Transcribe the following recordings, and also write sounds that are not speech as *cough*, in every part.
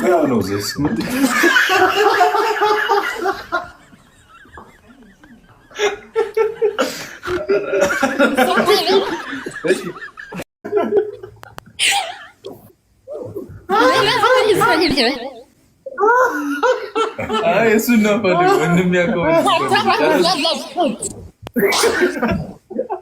How knows this? እሱን ነው ወንድም ያቆ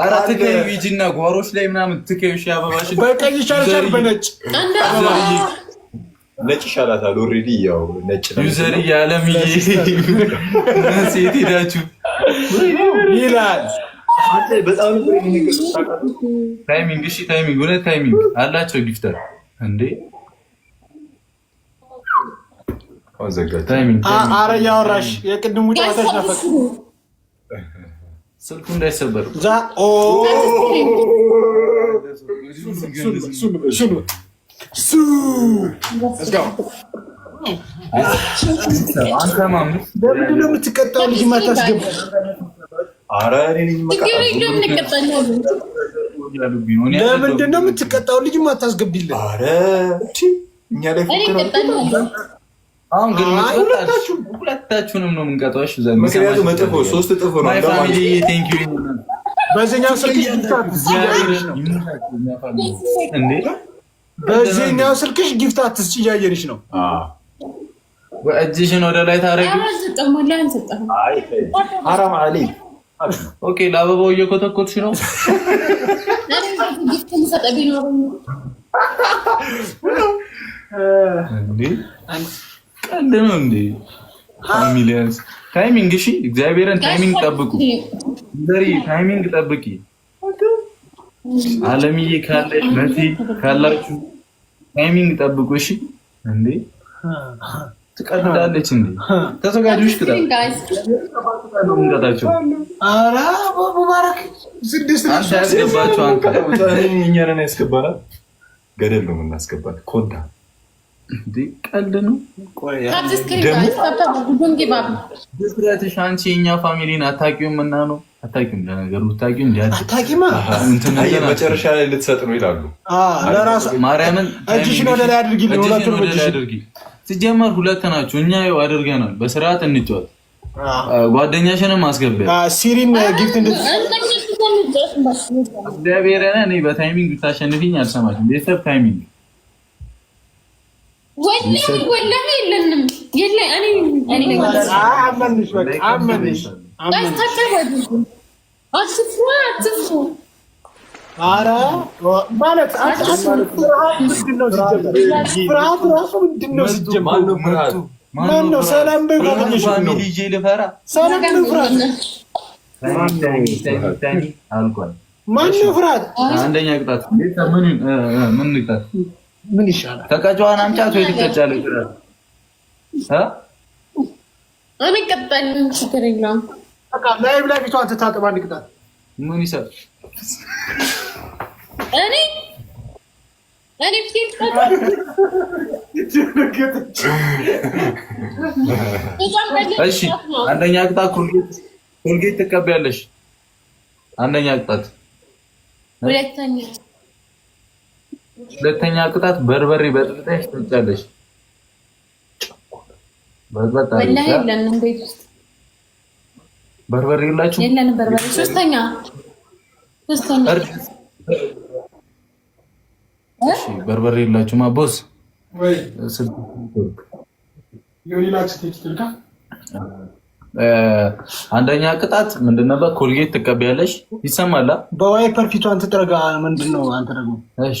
ኧረ ትከዩ ሂጂና ጓሮች ላይ ምናምን ትከዩ ሺህ አበባሽ በቀይ ይሻልሻል በነጭ ነጭ ይሻላታል። ኦልሬዲ ያው ነጭ ነው። ዩዘር ያለም ሴት ሄዳችሁ ይላል። በጣም ታይሚንግ እሺ፣ ታይሚንግ ሁለት ታይሚንግ አላቸው። ጊፍተር እንዴ ዘጋ ታይሚንግ። አረ እያወራሽ የቅድሙ ጫወታሽ ነፈቅ ስልኩ እንዳይሰበር ለምንድን ነው የምትቀጣው? ልጅ ማታስገባ ማታስገቢልን እኛ ላይ አሁን ግን ሁለታችሁንም ነው የምንቀጣው። ምክንያቱም እጥፍ ሶስት እጥፍ ነው። በዚህኛው ስልክሽ ጊፍት አትስጭ እያየንሽ ነው። እጅሽን ወደ ላይ ታረጊ። አራም አሊ ኦኬ። ለአበባው እየኮተኮትሽ ነው። ጊፍት ቀልድ እንዴ? ታይሚንግ። እሺ፣ እግዚአብሔርን ታይሚንግ ጠብቁ። ዘሪ ታይሚንግ ጠብቂ። አለምዬ ካለሽ መቲ ካላችሁ ታይሚንግ ጠብቁ። እሺ እንዴ ትቀዳለች እንዴ? ተዘጋጆች ቅጣቸው። ኧረ ስድስት ያስገባቸው። እኛን ያስገባል ገደል ነው የምናስገባት ኮንታ ቀልድ ነው። ድፍረትሽ አንቺ የኛ ፋሚሊን አታውቂውም እና ነው አታውቂውም። ለነገሩ መጨረሻ ላይ ልትሰጥ ነው ይላሉ። ማርያምን እጅሽን ወደ ላይ አድርጊ። ሲጀመር ሁለት ናቸው። እኛ ይኸው አድርገናል። በስርዓት እንጫወት። ጓደኛሽንም አስገቢያ ሲሪን ጊፍት እኔ በታይሚንግ ብታሸንፊኝ አልሰማሽም። ቤተሰብ ታይሚንግ ወላሂ የለንም። ኧረ ማነው ፍርሃት አንደኛ ቅጣት ምን ቅጣት ምን ይሻላል? ተቀጫዋን አምጫት ወይ ትቀጫለሽ? ምን ይሰራል? እኔ እሺ፣ አንደኛ ቅጣት ኮልጌት ትቀበያለሽ። አንደኛ ቅጣት ሁለተኛ ሁለተኛ ቅጣት በርበሬ በጥብጠሽ ትወጫለሽ። ወላሂ የለንም ቤት ውስጥ በርበሬ የላችሁ? በርበሬ። ሶስተኛ ሶስተኛ ቦስ አንደኛ ቅጣት ምንድን ነበር? ኮልጌት ትቀቢያለሽ። ይሰማላ በዋይፐር ፊቷን ትጥረጋ። ምንድን ነው አንተ ደግሞ? እሺ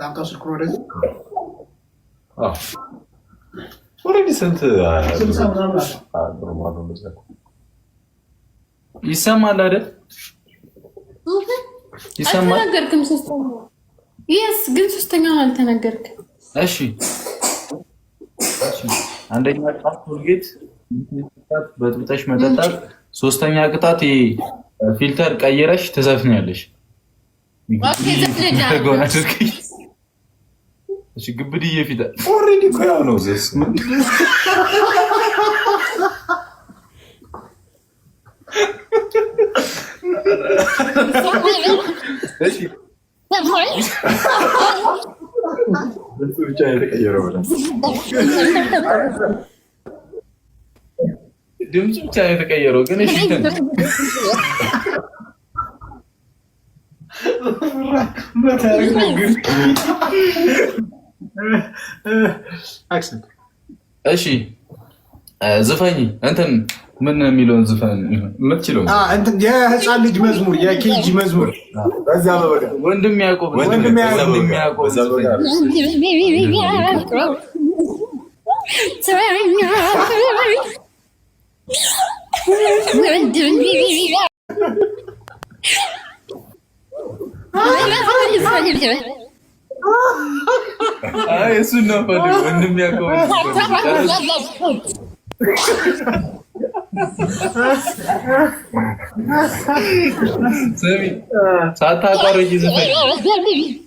ላምጣው ስልኩን ወደዚህ። ኦልሬዲ ስንት ይሰማል አይደል? ግን ሶስተኛውን አልተናገርክም። እሺ አንደኛ ቅጣት ቶልጌት፣ በጥብጠሽ መጠጣት፣ ሶስተኛ ቅጣት ፊልተር ቀይረሽ ትዘፍኛለሽ። *laughs* Znači, gbrije fide. Already *laughs* koja ono zesno. *laughs* Znači, ድምፁ ብቻ ነው የተቀየረው፣ ግን ፊትን በታሪክ እሺ ዝፈኝ እንትን ምን የሚለውን ዝፈን የምትችለው የህፃን ልጅ መዝሙር የኬጂ መዝሙር ወንድም ያዕቆብ አይ እሱ ነው ፈልጎ እንደሚያቆም ሰሚ ሳታቋርጪ ዝም